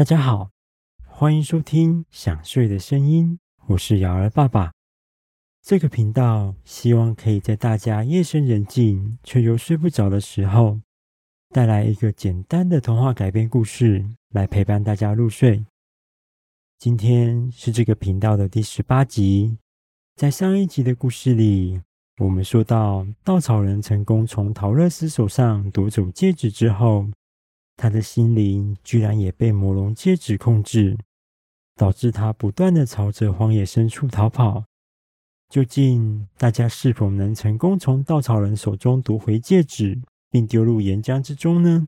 大家好，歡迎收聽《想睡的聲音》，我是堯兒爸爸。這個頻道希望可以在大家夜深人靜卻又睡不着的時候，帶來一個簡單的童話改編故事來陪伴大家入睡。今天是這個頻道的第十八集，在上一集的故事裡，我們說到稻草人成功從桃樂絲手上奪走戒指之後。他的心靈居然也被魔龍戒指控制，導致他不斷的朝着荒野深處逃跑。究竟大家是否能成功從稻草人手中奪回戒指，並丟入岩漿之中呢？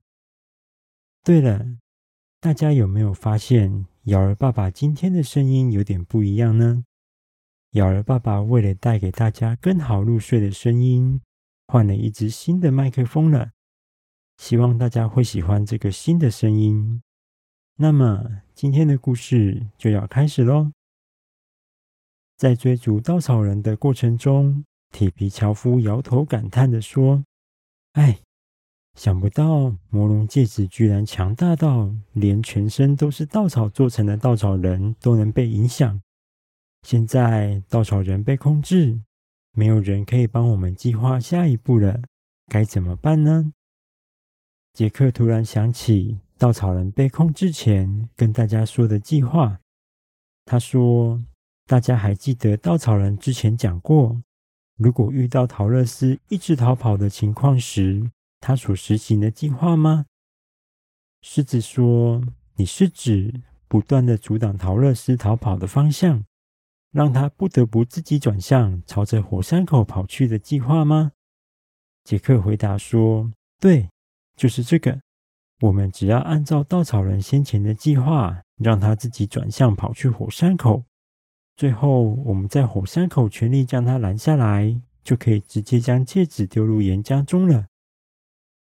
對了，大家有沒有發現，堯兒爸爸今天的聲音有點不一樣呢？堯兒爸爸為了帶給大家更好入睡的聲音，換了一支新的麥克風了。希望大家會喜歡這個新的聲音。那麼，今天的故事就要開始嘍。在追逐稻草人的過程中，鐵皮樵夫搖頭感嘆地說：“哎，想不到魔龍戒指居然強大到連全身都是稻草做成的稻草人都能被影響。現在稻草人被控制，沒有人可以幫我們計劃下一步了，該怎麼辦呢？”杰克突然想起稻草人被控之前跟大家說的計劃。他說：“大家還記得稻草人之前講過，如果遇到桃樂絲一直逃跑的情況時，他所實行的計劃嗎？”獅子說：“你是指不斷地阻擋桃樂絲逃跑的方向，讓他不得不自己轉向，朝着火山口跑去的計劃嗎？”杰克回答說：“對。”就是這個，我們只要按照稻草人先前的計劃，讓他自己轉向跑去火山口，最後我們在火山口全力將他攔下來，就可以直接將戒指丟入岩漿中了。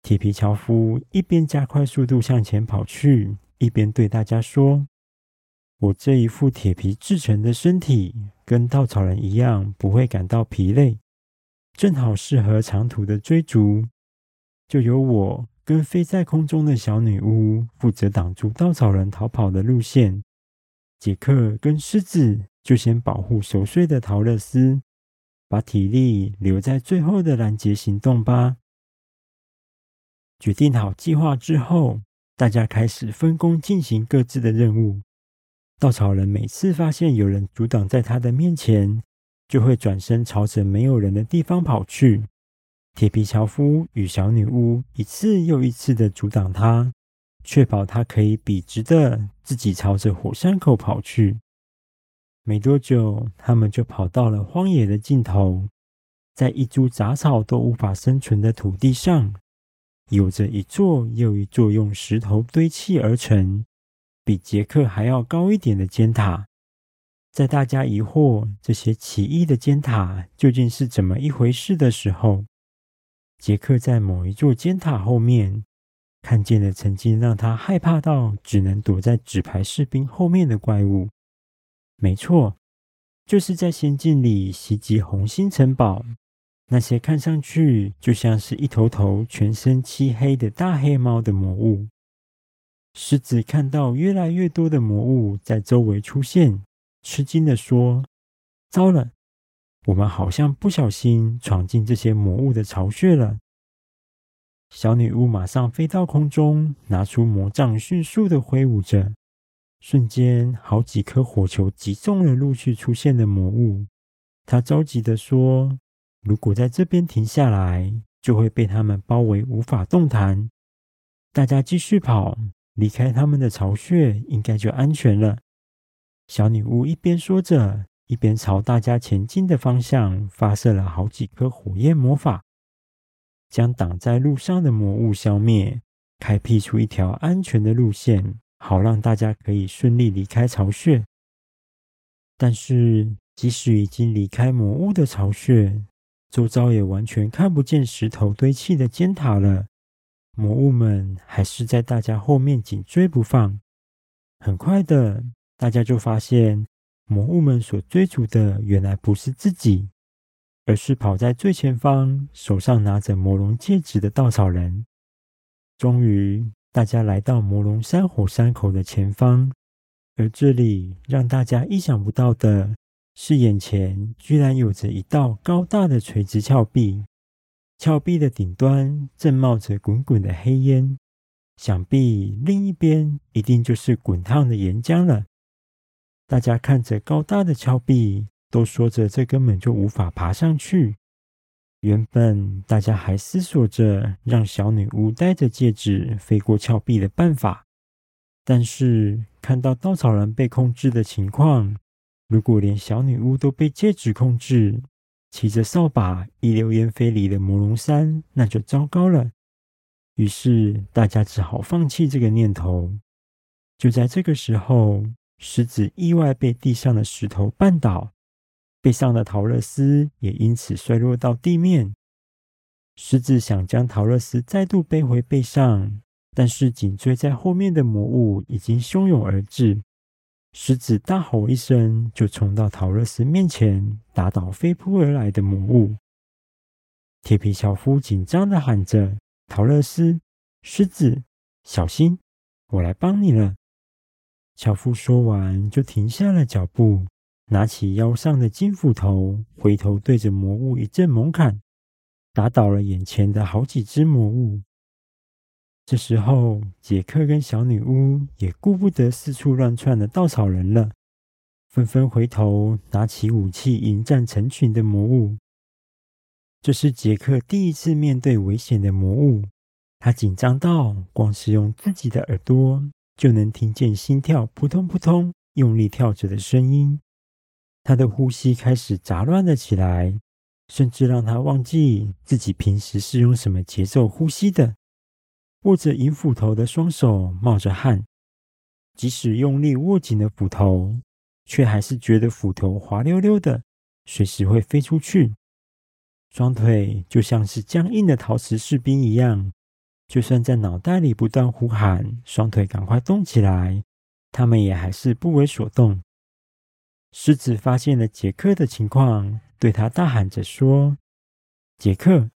鐵皮樵夫一邊加快速度向前跑去，一邊對大家說：“我這一副鐵皮制成的身體，跟稻草人一樣不會感到疲累，正好適合長途的追逐。就由我。”跟飛在空中的小女巫負責擋住稻草人逃跑的路線，傑克跟獅子就先保護熟睡的桃樂絲，把體力留在最後的攔截行動吧。決定好計劃之後，大家開始分工進行各自的任務。稻草人每次發現有人阻擋在他的面前，就會轉身朝着沒有人的地方跑去。鐵皮樵夫與小女巫一次又一次的阻擋他，確保他可以筆直的自己朝着火山口跑去。沒多久，他們就跑到了荒野的盡頭，在一株雜草都無法生存的土地上，有着一座又一座用石頭堆砌而成、比傑克還要高一點的尖塔。在大家疑惑這些奇異的尖塔究竟是怎麼一回事的時候，傑克在某一座尖塔後面看見了曾經讓他害怕到只能躲在紙牌士兵後面的怪物，沒錯，就是在仙境裡襲擊紅心城堡那些看上去就像是一頭頭全身漆黑的大黑貓的魔物。獅子看到越來越多的魔物在周圍出現，吃驚地說：“糟了！”我們好像不小心闖進這些魔物的巢穴了。小女巫馬上飛到空中，拿出魔杖，迅速地揮舞着，瞬間好幾顆火球擊中了陸續出現的魔物。她着急地說：“如果在這邊停下來，就會被他們包圍，無法動彈。大家繼續跑，離開他們的巢穴，應該就安全了。”小女巫一邊說着。一邊朝大家前進的方向發射了好幾顆火焰魔法，將擋在路上的魔物消滅，開闢出一條安全的路線，好讓大家可以順利離開巢穴。但是，即使已經離開魔物的巢穴，周遭也完全看不見石頭堆砌的尖塔了。魔物們還是在大家後面緊追不放。很快的，大家就發現。魔物們所追逐的，原來不是自己，而是跑在最前方、手上拿着魔龍戒指的稻草人。終於，大家來到魔龍山火山口的前方，而這裡讓大家意想不到的是，眼前居然有着一道高大的垂直峭壁，峭壁的頂端正冒着滾滾的黑煙，想必另一邊一定就是滾燙的岩漿了。大家看着高大的峭壁，都說着這根本就無法爬上去。原本大家還思索着讓小女巫帶着戒指飛過峭壁的辦法，但是看到稻草人被控制的情況，如果連小女巫都被戒指控制，騎着掃把一溜煙飛離了魔龍山，那就糟糕了。於是大家只好放棄這個念頭。就在這個時候。獅子意外被地上的石頭絆倒，背上的桃樂絲也因此摔落到地面。獅子想將桃樂絲再度背回背上，但是緊追在後面的魔物已經洶湧而至。獅子大吼一聲，就衝到桃樂絲面前，打倒飛撲而來的魔物。鐵皮樵夫緊張的喊着：“桃樂絲，獅子，小心，我來幫你了。”樵夫說完，就停下了腳步，拿起腰上的金斧頭，回頭對着魔物一陣猛砍，打倒了眼前的好幾隻魔物。這時候，傑克跟小女巫也顧不得四處亂竄的稻草人了，紛紛回頭拿起武器迎戰成群的魔物。這是傑克第一次面對危險的魔物，他緊張到光是用自己的耳朵，就能聽見心跳撲通撲通用力跳着的聲音，他的呼吸開始雜亂了起來，甚至讓他忘記自己平時是用什麼節奏呼吸的。握着銀斧頭的雙手冒着汗，即使用力握緊了斧頭，卻還是覺得斧頭滑溜溜的，隨時會飛出去。雙腿就像是僵硬的陶瓷士兵一樣。就算在腦袋裡不斷呼喊，雙腿趕快動起來，他們也還是不為所動。獅子發現了傑克的情況，對他大喊着說：“傑克，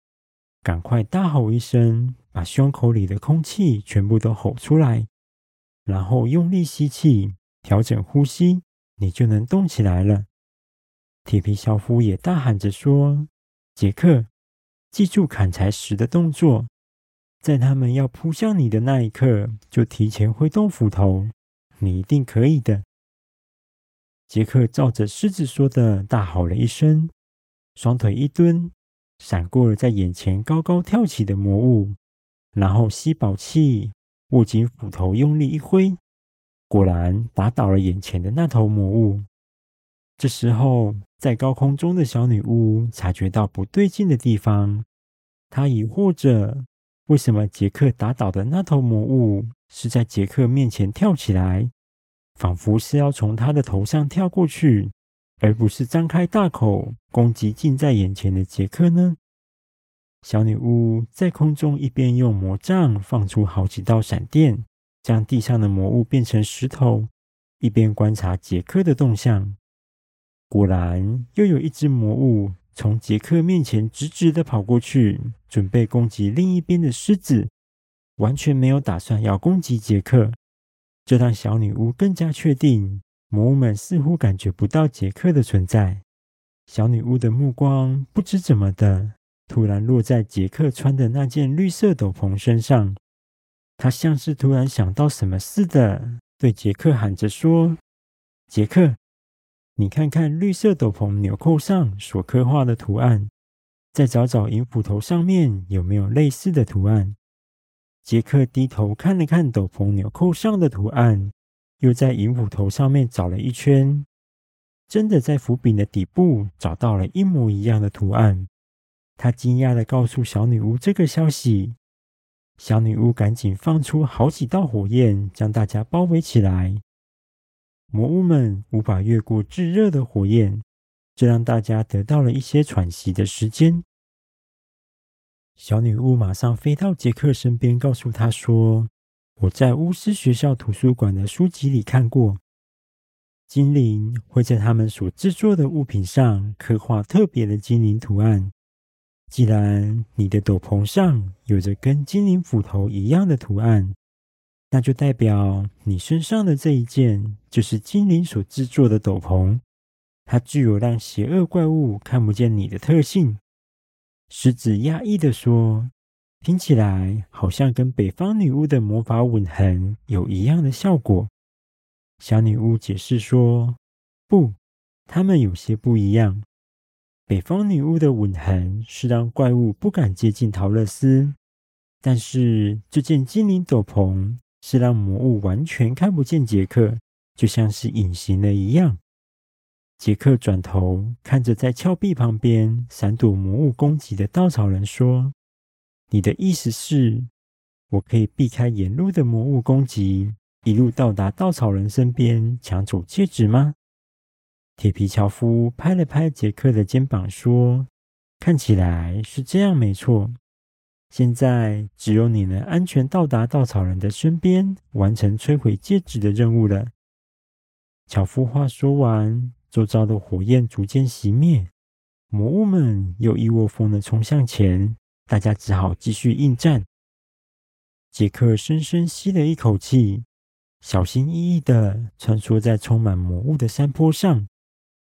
趕快大吼一聲，把胸口裡的空氣全部都吼出來，然後用力吸氣，調整呼吸，你就能動起來了。”鐵皮樵夫也大喊着說：“傑克，記住砍柴時的動作。”在他們要撲向你的那一刻，就提前揮動斧頭，你一定可以的。傑克照着獅子說的，大吼了一聲，雙腿一蹲，閃過了在眼前高高跳起的魔物，然後吸飽氣，握緊斧頭，用力一揮，果然打倒了眼前的那頭魔物。這時候，在高空中的小女巫察覺到不對勁的地方，她疑惑着。為什麼傑克打倒的那頭魔物是在傑克面前跳起來，仿佛是要從他的頭上跳過去，而不是張開大口攻擊近在眼前的傑克呢？小女巫在空中一邊用魔杖放出好幾道閃電，將地上的魔物變成石頭，一邊觀察傑克的動向。果然，又有一隻魔物。從傑克面前直直地跑過去，準備攻擊另一邊的獅子，完全沒有打算要攻擊傑克。這讓小女巫更加確定，魔物們似乎感覺不到傑克的存在。小女巫的目光不知怎麼的，突然落在傑克穿的那件綠色斗篷身上。她像是突然想到什麼似的，對傑克喊着說：“傑克。”你看看綠色斗篷紐扣上所刻畫的圖案，再找找銀斧頭上面有沒有類似的圖案。傑克低頭看了看斗篷紐扣上的圖案，又在銀斧頭上面找了一圈，真的在斧柄的底部找到了一模一樣的圖案。他驚訝地告訴小女巫這個消息，小女巫趕緊放出好幾道火焰，將大家包圍起來。魔物們無法越過炙熱的火焰，這讓大家得到了一些喘息的時間。小女巫馬上飛到傑克身邊，告訴他說：“我在巫師學校圖書館的書籍裡看過，精靈會在他們所制作的物品上刻畫特別的精靈圖案。既然你的斗篷上有着跟精靈斧頭一樣的圖案。”那就代表你身上的這一件就是精靈所製作的斗篷，它具有讓邪惡怪物看不見你的特性。獅子訝異地說：“聽起來好像跟北方女巫的魔法吻痕有一樣的效果。”小女巫解釋說：“不，它們有些不一樣。北方女巫的吻痕是讓怪物不敢接近桃樂絲，但是這件精靈斗篷。”是讓魔物完全看不見傑克，就像是隱形了一樣。傑克轉頭看着在峭壁旁邊閃躲魔物攻擊的稻草人說：“你的意思是，我可以避開沿路的魔物攻擊，一路到達稻草人身邊，搶走戒指嗎？”鐵皮樵夫拍了拍傑克的肩膀說：“看起來是這樣，沒錯。”現在只有你能安全到達稻草人的身邊，完成摧毀戒指的任務了。樵夫話說完，周遭的火焰逐漸熄滅，魔物們又一窩蜂的衝向前，大家只好繼續應戰。傑克深深吸了一口氣，小心翼翼的穿梭在充滿魔物的山坡上。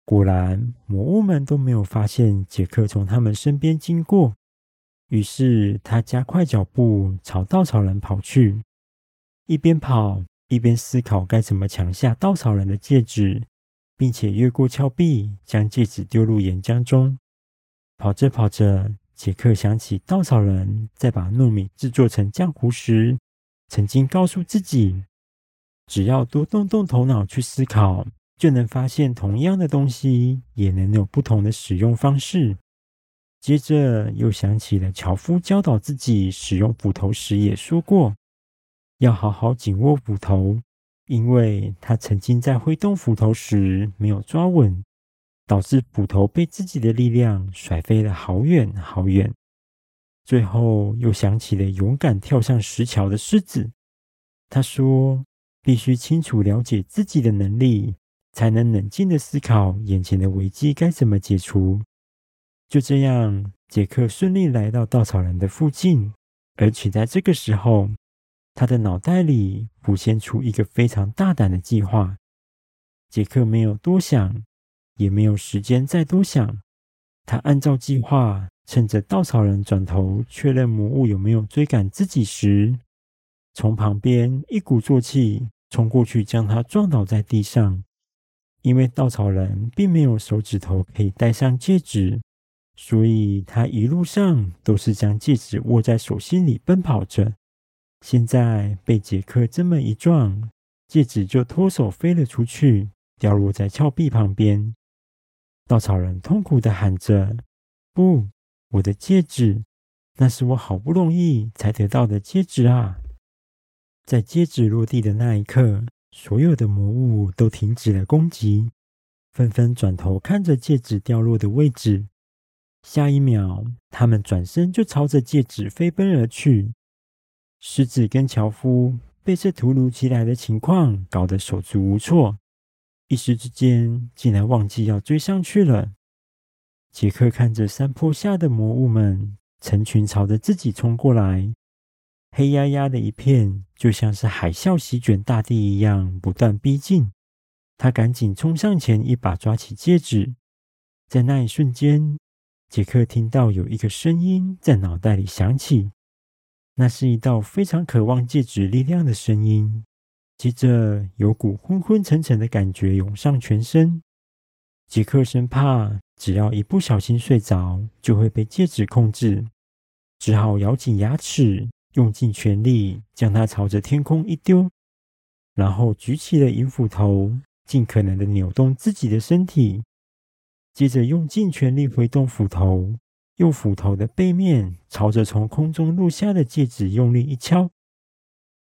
果然，魔物們都沒有發現傑克從他們身邊經過。於是他加快腳步朝稻草人跑去，一邊跑一邊思考該怎麼搶下稻草人的戒指，並且越過峭壁將戒指丟入岩漿中。跑着跑着，傑克想起稻草人在把糯米制作成漿糊時，曾經告訴自己，只要多動動頭腦去思考，就能發現同樣的東西也能有不同的使用方式。接着又想起了樵夫教導自己使用斧頭時也說過，要好好緊握斧頭，因為他曾經在揮動斧頭時沒有抓穩，導致斧頭被自己的力量甩飛了好遠好遠。最後又想起了勇敢跳上石橋的獅子，他說必須清楚了解自己的能力，才能冷靜的思考眼前的危機該怎麼解除。就這樣，傑克順利來到稻草人的附近，而且在這個時候，他的腦袋裡浮現出一個非常大膽的計劃。傑克沒有多想，也沒有時間再多想，他按照計劃，趁着稻草人轉頭確認魔物有沒有追趕自己時，從旁邊一鼓作氣衝過去，將他撞倒在地上。因為稻草人並沒有手指頭可以戴上戒指。所以他一路上都是將戒指握在手心裡奔跑着。現在被傑克這麼一撞，戒指就脫手飛了出去，掉落在峭壁旁邊。稻草人痛苦地喊着：“不，我的戒指！那是我好不容易才得到的戒指啊！”在戒指落地的那一刻，所有的魔物都停止了攻擊，紛紛轉頭看着戒指掉落的位置。下一秒，他們轉身就朝着戒指飛奔而去。獅子跟樵夫被這突如其來的情況搞得手足無措，一時之間竟然忘記要追上去了。傑克看着山坡下的魔物們成群朝着自己衝過來，黑壓壓的一片，就像是海嘯席捲大地一樣不斷逼近。他趕緊衝上前，一把抓起戒指，在那一瞬間，傑克聽到有一個聲音在腦袋裡響起，那是一道非常渴望戒指力量的聲音。接着，有股昏昏沉沉的感覺湧上全身。傑克生怕只要一不小心睡着，就會被戒指控制，只好咬緊牙齒，用盡全力將它朝着天空一丟，然後舉起了銀斧頭，盡可能的扭動自己的身體。接着用盡全力揮動斧頭，用斧頭的背面朝着從空中落下的戒指用力一敲，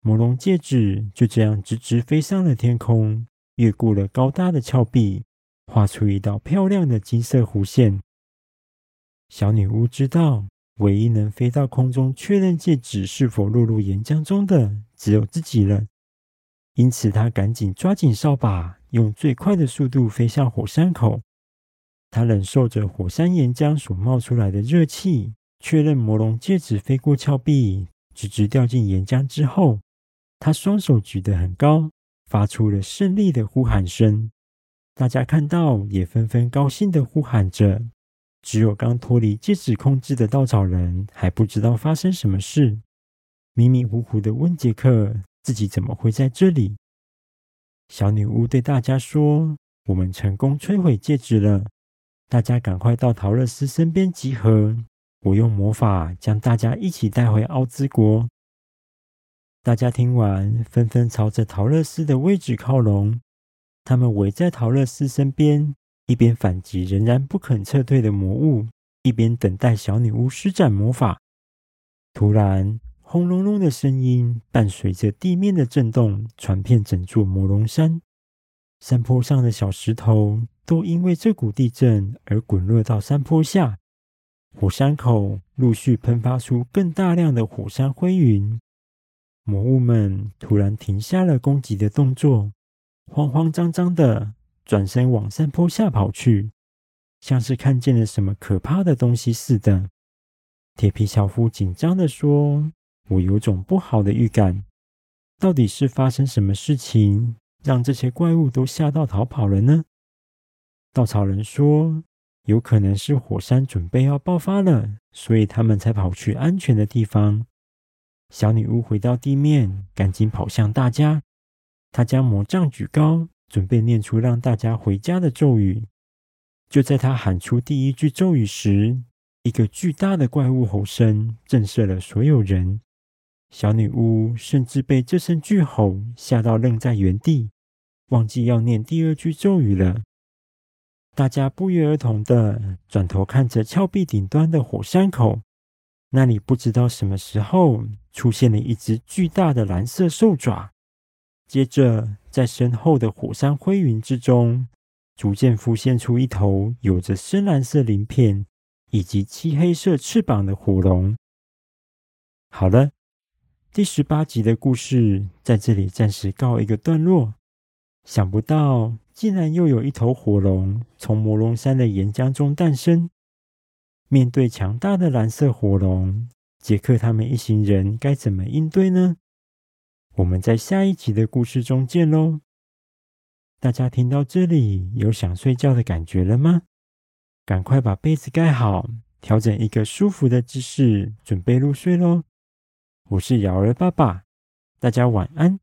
魔龍戒指就這樣直直飛上了天空，越過了高大的峭壁，畫出一道漂亮的金色弧線。小女巫知道，唯一能飛到空中確認戒指是否落入岩漿中的，只有自己了。因此，她趕緊抓緊掃把，用最快的速度飛向火山口。他忍受着火山岩漿所冒出來的熱氣，確認魔龍戒指飛過峭壁，直直掉進岩漿之後，他雙手舉得很高，發出了勝利的呼喊聲。大家看到也紛紛高興的呼喊着。只有剛脫離戒指控制的稻草人還不知道發生什麼事，迷迷糊糊地問傑克自己怎麼會在這裡。小女巫對大家說：“我們成功摧毀戒指了。”大家趕快到桃樂絲身邊集合！我用魔法將大家一起帶回奧茲國。大家聽完，紛紛朝着桃樂絲的位置靠攏。他們圍在桃樂絲身邊，一邊反擊仍然不肯撤退的魔物，一邊等待小女巫施展魔法。突然，轟隆隆的聲音伴隨着地面的震動傳遍整座魔龍山，山坡上的小石頭，都因為這股地震而滾落到山坡下，火山口陸續噴發出更大量的火山灰雲。魔物們突然停下了攻擊的動作，慌慌張張的轉身往山坡下跑去，像是看見了什麼可怕的東西似的。鐵皮樵夫緊張地說：“我有種不好的預感，到底是發生什麼事情，讓這些怪物都嚇到逃跑了呢？”稻草人說：“有可能是火山準備要爆發了，所以他們才跑去安全的地方。”小女巫回到地面，趕緊跑向大家。她將魔杖舉高，準備念出讓大家回家的咒語。就在她喊出第一句咒語時，一個巨大的怪物吼聲震懾了所有人。小女巫甚至被這聲巨吼嚇到愣在原地，忘記要念第二句咒語了。大家不約而同的轉頭看着峭壁頂端的火山口，那裡不知道什麼時候出現了一隻巨大的藍色獸爪，接着在身後的火山灰雲之中，逐漸浮現出一頭有着深藍色鱗片以及漆黑色翅膀的火龍。好了，第十八集的故事在這裡暫時告一個段落。想不到。竟然又有一頭火龍從魔龍山的岩漿中誕生。面對強大的藍色火龍，傑克他們一行人該怎麼應對呢？我們在下一集的故事中見嘍！大家聽到這裡有想睡覺的感覺了嗎？趕快把被子蓋好，調整一個舒服的姿勢，準備入睡嘍！我是堯兒爸爸，大家晚安。